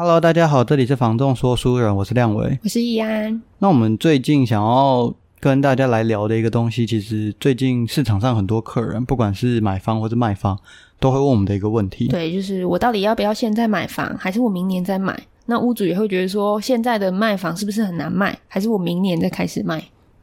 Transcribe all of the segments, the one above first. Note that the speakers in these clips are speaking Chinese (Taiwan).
Hello，大家好，這裡是房仲說書人，我是亮偉，我是易安。那我們最近想要跟大家來聊的一個東西，其實最近市場上很多客人，不管是買方或是賣方，都會問我們的一個問題。對，就是我到底要不要現在買房，還是我明年再買？那屋主也會覺得說，現在的賣房是不是很難賣，還是我明年再開始賣？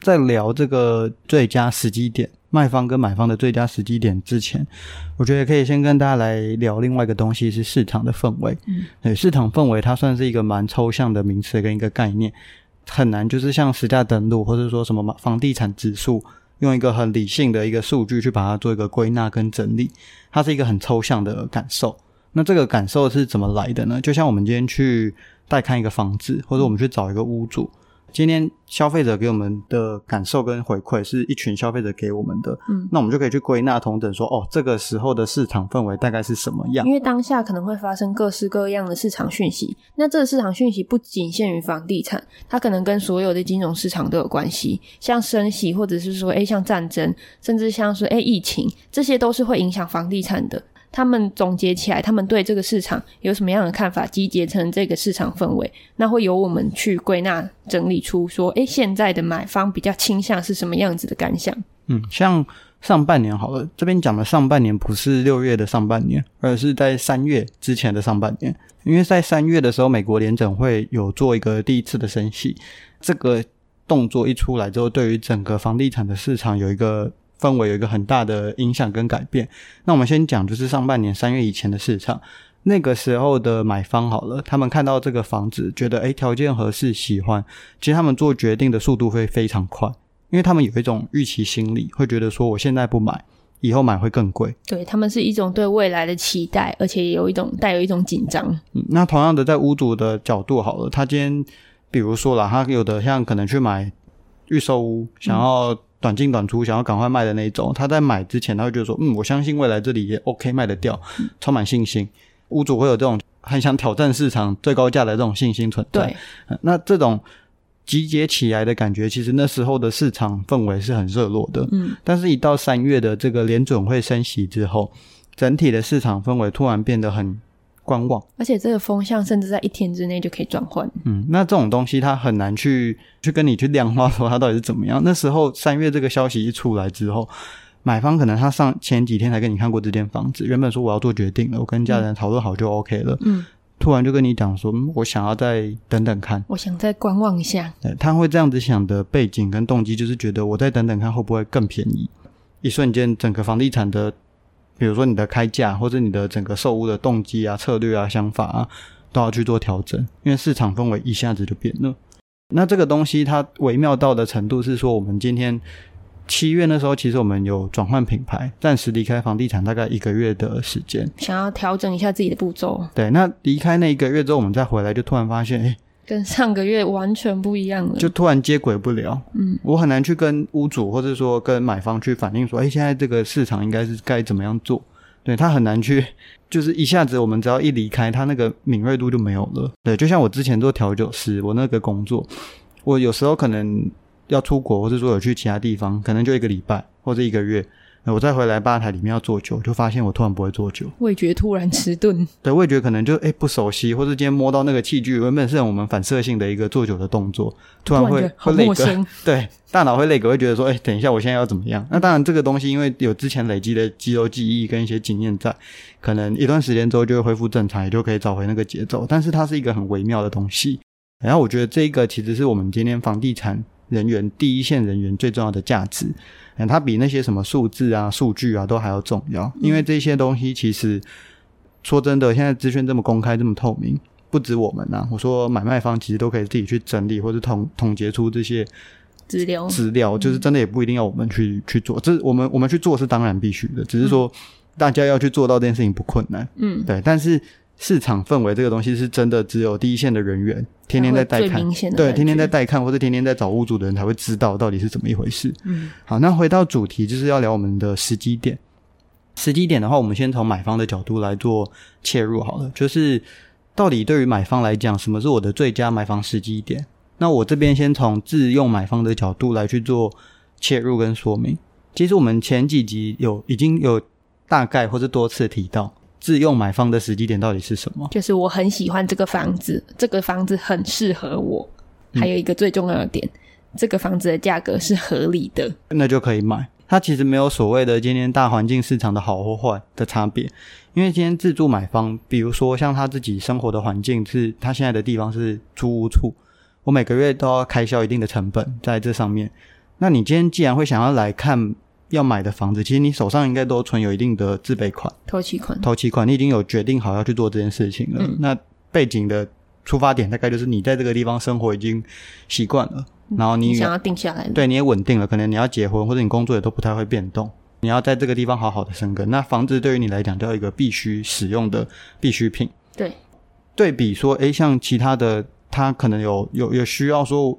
再聊這個最佳時機點。賣方跟買方的最佳時機點之前，我覺得可以先跟大家來聊另外一個東西，是市場的氛圍。對、嗯，市場氛圍它算是一個蠻抽象的名詞跟一個概念，很難就是像實價登錄或者說什麼房地產指數，用一個很理性的一個數據去把它做一個歸納跟整理，它是一個很抽象的感受。那這個感受是怎麼來的呢？就像我們今天去帶看一個房子，或者我們去找一個屋主。今天消費者給我們的感受跟回饋是一群消費者給我們的，嗯，那我們就可以去歸納同等說，哦，這個時候的市場氛圍大概是什麼樣？因為當下可能會發生各式各樣的市場訊息，那這個市場訊息不僅限於房地產，它可能跟所有的金融市場都有關係，像升息，或者是說，哎，像戰爭，甚至像是哎，疫情，這些都是會影響房地產的。他們總結起來，他們對這個市場有什麼樣的看法，集結成這個市場氛圍，那會由我們去歸納整理出說，誒、欸，現在的買方比較傾向是什麼樣子的感想？嗯，像上半年好了，這邊講的上半年不是六月的上半年，而是在三月之前的上半年，因為在三月的時候，美國聯準會有做一個第一次的升息，這個動作一出來之後，對於整個房地產的市場有一個。氛圍有一個很大的影響跟改變。那我們先講，就是上半年三月以前的市場，那個時候的買方好了，他們看到這個房子，覺得誒，條件合適，喜歡，其實他們做決定的速度會非常快，因為他們有一種預期心理，會覺得說我現在不買，以後買會更貴。對，他們是一種對未來的期待，而且也有一種帶有一種緊張。嗯，那同樣的，在屋主的角度好了，他今天，比如說啦，他有的像可能去買預售屋，想要、嗯。短進短出，想要趕快賣的那一種。他在買之前，他會覺得說：“嗯，我相信未來這裡也 OK 賣得掉，充滿信心。”嗯，屋主會有這種很想挑戰市場最高價的這種信心存在。對。嗯。那這種集結起來的感覺，其實那時候的市場氛圍是很熱絡的。嗯，但是一到三月的這個聯準會升息之後，整體的市場氛圍突然變得很。觀望，而且這個風向甚至在一天之內就可以轉換。嗯，那這種東西它很難去去跟你去量化說它到底是怎麼樣。 那時候三月這個消息一出來之後，買方可能他上前幾天才跟你看過這間房子，原本說我要做決定了，我跟家人討論好就 OK 了。嗯，突然就跟你講說，我想要再等等看，我想再觀望一下。對，他會這樣子想的背景跟動機，就是覺得我再等等看會不會更便宜。一瞬間，整個房地產的。比如說你的開價或者你的整個售屋的動機啊、策略啊、想法啊，都要去做調整，因為市場氛圍一下子就變了。那這個東西它微妙到的程度是說，我們今天七月那時候，其實我們有轉換品牌，暫時離開房地產大概一個月的時間，想要調整一下自己的步驟。對，那離開那一個月之後，我們再回來，就突然發現，哎、欸。跟上個月完全不一樣了，就突然接軌不了。嗯，我很難去跟屋主或者說跟買方去反映說，哎、欸，現在這個市場應該是該怎麼樣做？對，他很難去，就是一下子我們只要一離開，他那個敏銳度就沒有了。對，就像我之前做調酒師，我那個工作，我有時候可能要出國，或者說有去其他地方，可能就一個禮拜或者一個月。我再回來吧台裡面要做酒，就發現我突然不會做酒，味覺突然遲鈍。對，味覺可能就誒、欸、不熟悉，或者今天摸到那個器具，原本是很我們反射性的一個做酒的動作，突然會突然陌生會 Lag。對，大腦會 Lag，會覺得說誒、欸、等一下我現在要怎麼樣？那當然這個東西因為有之前累積的肌肉記憶跟一些經驗在，可能一段時間之後就會恢復正常，也就可以找回那個節奏。但是它是一個很微妙的東西，然後我覺得這個其實是我們今天房地產。人員第一線人員最重要的價值，嗯，它比那些什麼數字啊、數據啊都還要重要，因為這些東西其實說真的，現在資訊這麼公開、這麼透明，不止我們吶、啊。我說買賣方其實都可以自己去整理或者統統結出這些資料，資料就是真的也不一定要我們去、嗯、去做。這、就是、我們我們去做是當然必須的，只是說大家要去做到這件事情不困難，嗯，對，但是。市場氛圍這個東西是真的，只有第一線的人員天天在帶看，對，天天在帶看，或是天天在找屋主的人才會知道到底是怎麼一回事。好，那回到主題，就是要聊我們的時機點。時機點的話，我們先從買方的角度來做切入好了，就是到底對於買方來講，什麼是我的最佳買房時機點？那我這邊先從自用買方的角度來去做切入跟說明。其實我們前幾集有已經有大概或是多次提到。自用買方的時機點到底是什麼？就是我很喜歡這個房子，這個房子很適合我，嗯，還有一個最重要的點，這個房子的價格是合理的，那就可以買。它其實沒有所謂的今天大環境市場的好或壞的差別，因為今天自住買方，比如說像他自己生活的環境是，他現在的地方是租屋處，我每個月都要開銷一定的成本在這上面。那你今天既然會想要來看，要買的房子，其實你手上應該都有存有一定的自備款、頭期款、頭期款。你已經有決定好要去做這件事情了。嗯、那背景的出發點大概就是你在這個地方生活已經習慣了，然後你、嗯、你想要定下來，對，你也穩定了。可能你要結婚，或者你工作也都不太會變動。你要在這個地方好好的生根。那房子對於你來講，就要一個必須使用的必需品。對，對比說，誒、欸、像其他的，他可能有有有需要說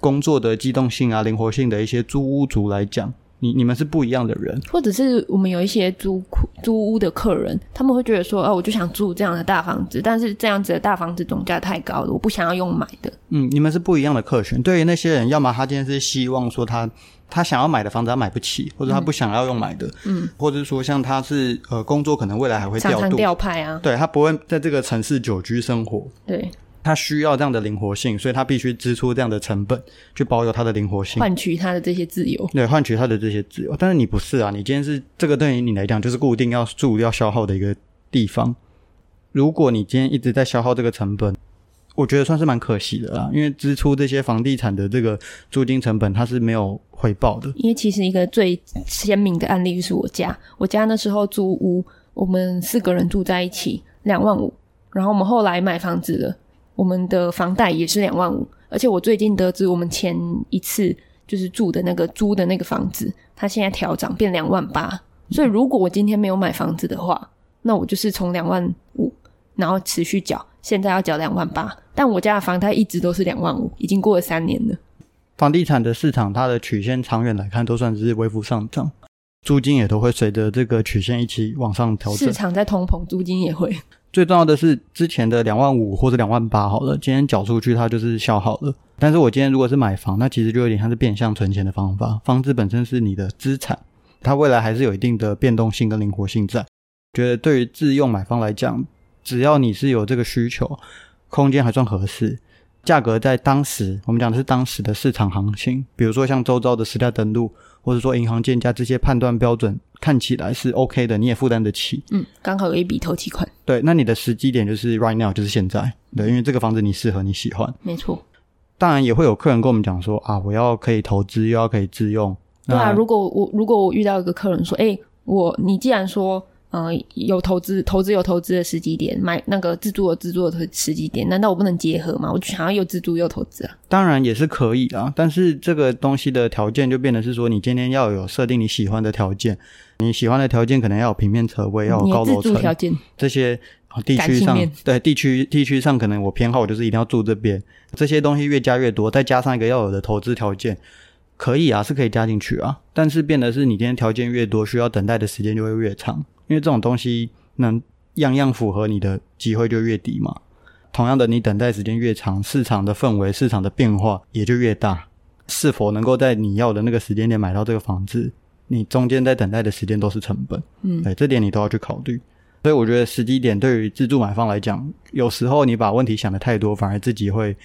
工作的機動性啊、靈活性的一些租屋族來講。你你們是不一樣的人，或者是我們有一些租租屋的客人，他們會覺得說，哦，我就想住這樣的大房子，但是這樣子的大房子總價太高了，我不想要用買的。嗯，你們是不一樣的客群。對於那些人，要麼他今天是希望說他他想要買的房子他買不起，或者他不想要用買的。嗯，嗯，或者是說像他是呃工作可能未來還會調調派啊，對，他不會在這個城市久居生活。對。他需要這樣的靈活性，所以他必須支出這樣的成本去保有他的靈活性，換取他的這些自由。對，換取他的這些自由。但是你不是啊，你今天是這個，對於你來講就是固定要住要消耗的一個地方。如果你今天一直在消耗這個成本，我覺得算是蠻可惜的啦。因為支出這些房地產的這個租金成本，它是沒有回報的。因為其實一個最鮮明的案例就是我家，我家那時候租屋，我們四個人住在一起，兩萬五。然後我們後來買房子了。我們的房貸也是兩萬五，而且我最近得知，我們前一次就是住的那個租的那個房子，它現在調漲變兩萬八。所以如果我今天沒有買房子的話，那我就是從兩萬五，然後持續繳，現在要繳兩萬八。但我家的房貸一直都是兩萬五，已經過了三年了。房地產的市場，它的曲線長遠來看都算是微幅上漲。租金也都會隨着這個曲線一起往上調整。市場在通膨，租金也會。最重要的是，之前的兩萬五或者兩萬八好了，今天繳出去它就是消耗了。但是我今天如果是買房，那其實就有點像是變相存錢的方法。房子本身是你的資產，它未來還是有一定的變動性跟靈活性在。覺得對於自用買方來講，只要你是有這個需求，空間還算合適，價格在當時，我們講的是當時的市場行情，比如說像周遭的實價登錄，或者說銀行鑑價這些判斷標準看起來是 OK 的，你也負擔得起。嗯，剛好有一筆頭期款。對，那你的時機點就是 right now，就是現在。對，因為這個房子你適合，你喜歡。沒錯錯，當然也會有客人跟我們講說啊，我要可以投資，又要可以自用。對啊，如果我如果我遇到一個客人說，哎、欸，我你既然說。呃、嗯，有投資，投資有投資的時機點，買那個自住的自住的時機點，難道我不能結合嗎？我就想要又自住又投資啊！當然也是可以啊，但是這個東西的條件就變得是說，你今天要有設定你喜歡的條件，你喜歡的條件可能要有平面車位，要有高樓層條件，這些地區上對地區地區上可能我偏好，我就是一定要住這邊。這些東西越加越多，再加上一個要有的投資條件，可以啊，是可以加進去啊，但是變的是你今天條件越多，需要等待的時間就會越長。因為這種東西，能樣樣符合你的機會就越低嘛。同樣的，你等待時間越長，市場的氛圍、市場的變化也就越大。是否能夠在你要的那個時間點買到這個房子？你中間在等待的時間都是成本，嗯，對，這點你都要去考慮。所以我覺得時機點對於自住買方來講，有時候你把問題想得太多，反而自己會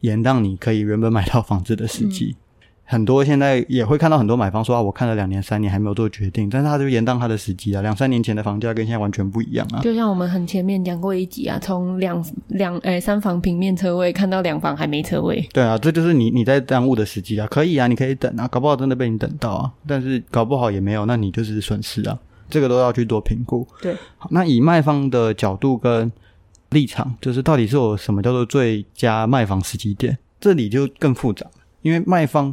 延宕你可以原本買到房子的時機。嗯很多現在也會看到很多買方說啊，我看了兩年三年還沒有做決定，但是他就延宕他的時機啊。兩三年前的房價跟現在完全不一樣啊。就像我們很前面講過一集啊，從兩兩誒、哎、三房平面車位看到兩房還沒車位。對啊，這就是你你在耽誤的時機啊。可以啊，你可以等啊，搞不好真的被你等到啊。但是搞不好也沒有，那你就是損失啊。這個都要去做評估。對。好，那以賣方的角度跟立場，就是到底是我什麼叫做最佳賣房時機點？這裡就更複雜，因為賣方。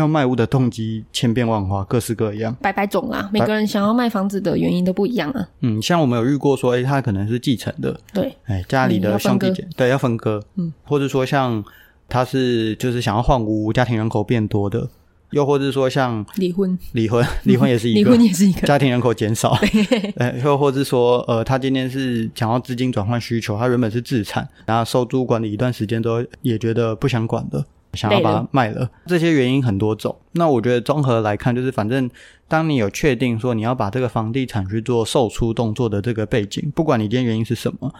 要賣屋的動機千變萬化，各式各樣，百百種啊！百 每個人想要賣房子的原因都不一樣啊。嗯，像我們有遇過說，誒、欸、他可能是繼承的，對，誒、欸、家裡的兄弟對要分割，分割嗯，或者說像他是就是想要換屋，家庭人口變多的，又或者說像離婚，離婚，離婚也是一個，離、嗯、婚也是一個，家庭人口減少，誒、欸、又或者說呃，他今天是想要資金轉換需求，他原本是自產，然後收租管理一段時間都也覺得不想管了。想要把它賣了，了這些原因很多種。那我覺得綜合來看，就是反正當你有確定說你要把這個房地產去做售出動作的這個背景，不管你今天原因是什麼，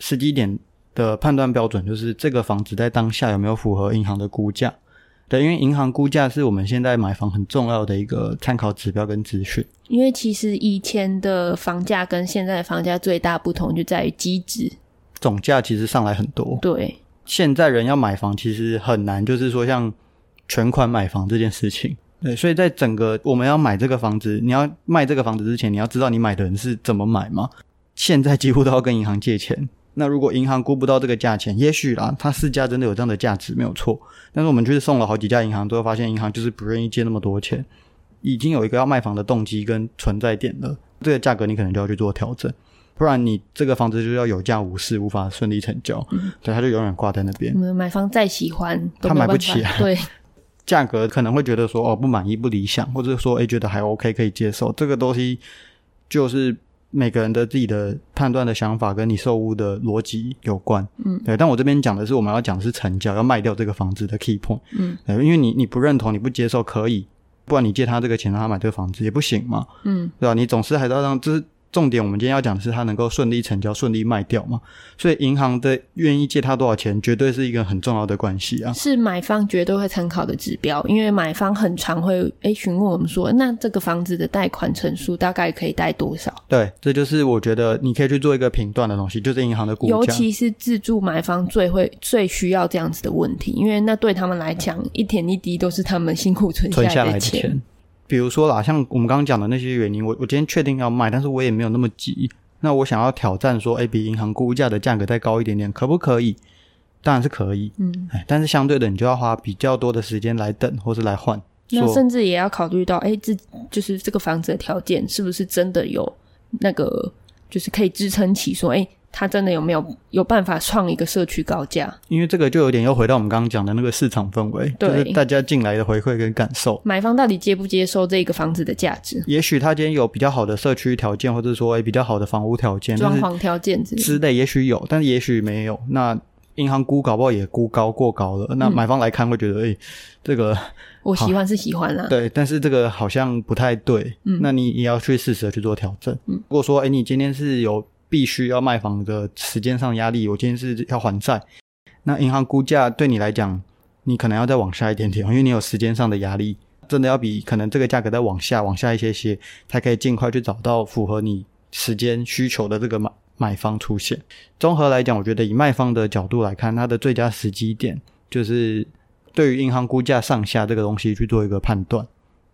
實際點的判斷標準就是這個房子在當下有沒有符合銀行的估價。對，因為銀行估價是我們現在買房很重要的一個參考指標跟資訊。因為其實以前的房價跟現在的房價最大不同就在於機制，總價其實上來很多。對。現在人要買房其實很難，就是說像全款買房這件事情。對，所以在整個我們要買這個房子，你要賣這個房子之前，你要知道你買的人是怎麼買嗎？現在幾乎都要跟銀行借錢。那如果銀行估不到這個價錢，也許啦，他市價真的有這樣的價值沒有錯，但是我們就是送了好幾家銀行，最後發現銀行就是不願意借那麼多錢。已經有一個要賣房的動機跟存在點了，這個價格你可能就要去做調整。不然你這個房子就要有價無市，無法順利成交，嗯、對，他就永遠掛在那邊。我們買方再喜歡，都，他買不起來，對，價格可能會覺得說哦，不滿意不理想，或者說誒、欸、覺得還 OK 可以接受。這個東西就是每個人的自己的判斷的想法，跟你售屋的邏輯有關，嗯，對。但我這邊講的是，我們要講的是成交，要賣掉這個房子的 key point，嗯，因為你你不認同你不接受可以，不然你借他這個錢，讓他買這個房子也不行嘛，嗯，對吧？你總是還在、就是要讓這。重點，我們今天要講的是，他能夠順利成交、順利賣掉嘛？所以銀行的願意借他多少錢，絕對是一個很重要的關係啊。是買方絕對會參考的指標，因為買方很常會哎、欸，詢問我們說，那這個房子的貸款成數大概可以貸多少？對，這就是我覺得你可以去做一個評斷的東西，就是銀行的股票。尤其是自住買方最會最需要這樣子的問題，因為那對他們來講，一點一滴都是他們辛苦存下來的錢。存下來的錢。比如說啦，像我們剛剛講的那些原因，我我今天確定要賣，但是我也沒有那麼急。那我想要挑戰說，哎，比銀行估價的價格再高一點點，可不可以？當然是可以，嗯，哎，但是相對的，你就要花比較多的時間來等，或是來換。那甚至也要考慮到，哎，這就是這個房子的條件是不是真的有那個，就是可以支撐起說，哎。他真的有沒有有辦法創一個社區高價？因為這個就有點又回到我們剛剛講的那個市場氛圍，對就是大家進來的回饋跟感受。買方到底接不接受這一個房子的價值？也許他今天有比較好的社區條件，或者說誒、哎、比較好的房屋條件、裝潢條件之類，之類也許有，但是也許沒有。那銀行估搞不好也估高過高了。嗯、那買方來看會覺得，誒、哎，這個我喜歡是喜歡啦，對，但是這個好像不太對。嗯，那你也要去適時的去做調整。嗯，如果說，誒、哎，你今天是有，必須要賣房的時間上壓力，我今天是要還債。那銀行估價對你來講，你可能要再往下一點點，因為你有時間上的壓力，真的要比可能這個價格再往下、往下一些些，才可以盡快去找到符合你時間需求的這個買買方出現。綜合來講，我覺得以賣方的角度來看，它的最佳時機點，就是對於銀行估價上下這個東西去做一個判斷。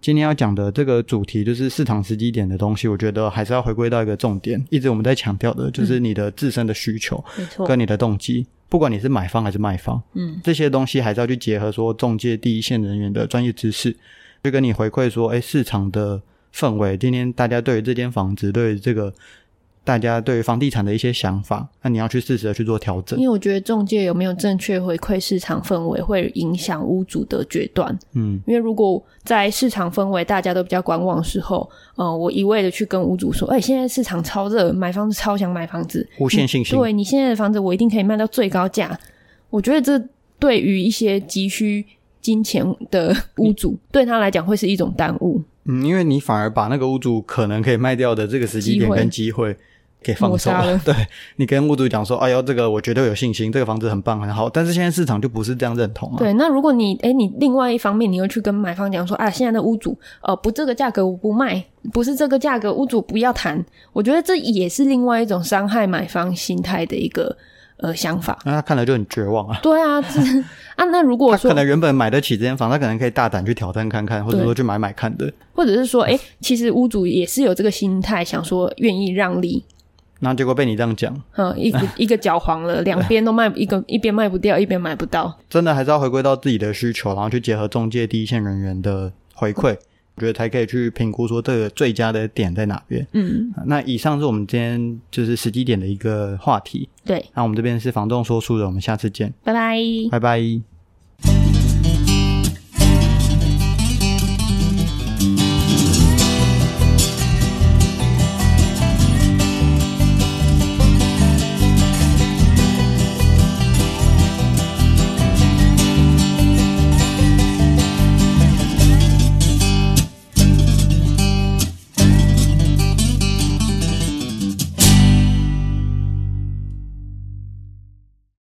今天要講的這個主題就是市場時機點的東西，我覺得還是要回歸到一個重點，一直我們在強調的就是你的自身的需求跟你的動機，嗯、不管你是買方還是賣方，嗯，這些東西還是要去結合說仲介第一線人員的專業知識，去跟你回饋說，誒，市場的氛圍，今天大家對於這間房子，對於這個。大家對於房地產的一些想法，那你要去適時的去做調整。因為我覺得仲介有沒有正確回饋市場氛圍，會影響屋主的決斷。嗯，因為如果在市場氛圍大家都比較觀望的時候，嗯、呃，我一味的去跟屋主說，哎、欸，現在市場超熱，買房子超想買房子，無限信心。你對你現在的房子，我一定可以賣到最高價。我覺得這對於一些急需金錢的屋主，你對他來講會是一種耽誤。嗯，因為你反而把那個屋主可能可以賣掉的這個時機點跟機會。給放鬆殺了對，對你跟屋主講說：“哎喲，這個我絕對有信心，這個房子很棒，很好。”但是現在市場就不是這樣認同、啊。對，那如果你哎、欸，你另外一方面，你又去跟買方講說：“啊，現在的屋主呃，不這個價格我不賣，不是這個價格，屋主不要談。”我覺得這也是另外一種傷害買方心態的一個呃想法。那、啊、他看了就很絕望啊。對啊是，啊，那如果說 他可能原本買得起這間房，他可能可以大膽去挑戰看看，或者說去買買看的。或者是說，哎、欸，其實屋主也是有這個心態，想說願意讓利。那結果被你這樣講，嗯，一個一個攪黃了，兩邊 都賣，對一個一邊賣不掉，一邊買不到，真的還是要回歸到自己的需求，然後去結合中介第一線人員的回饋，我呵覺得才可以去評估說，這個最佳的點在哪邊。嗯，那以上是我們今天就是時機點的一個話題。對，那我們這邊是房仲說書人，我們下次見，拜拜，拜拜。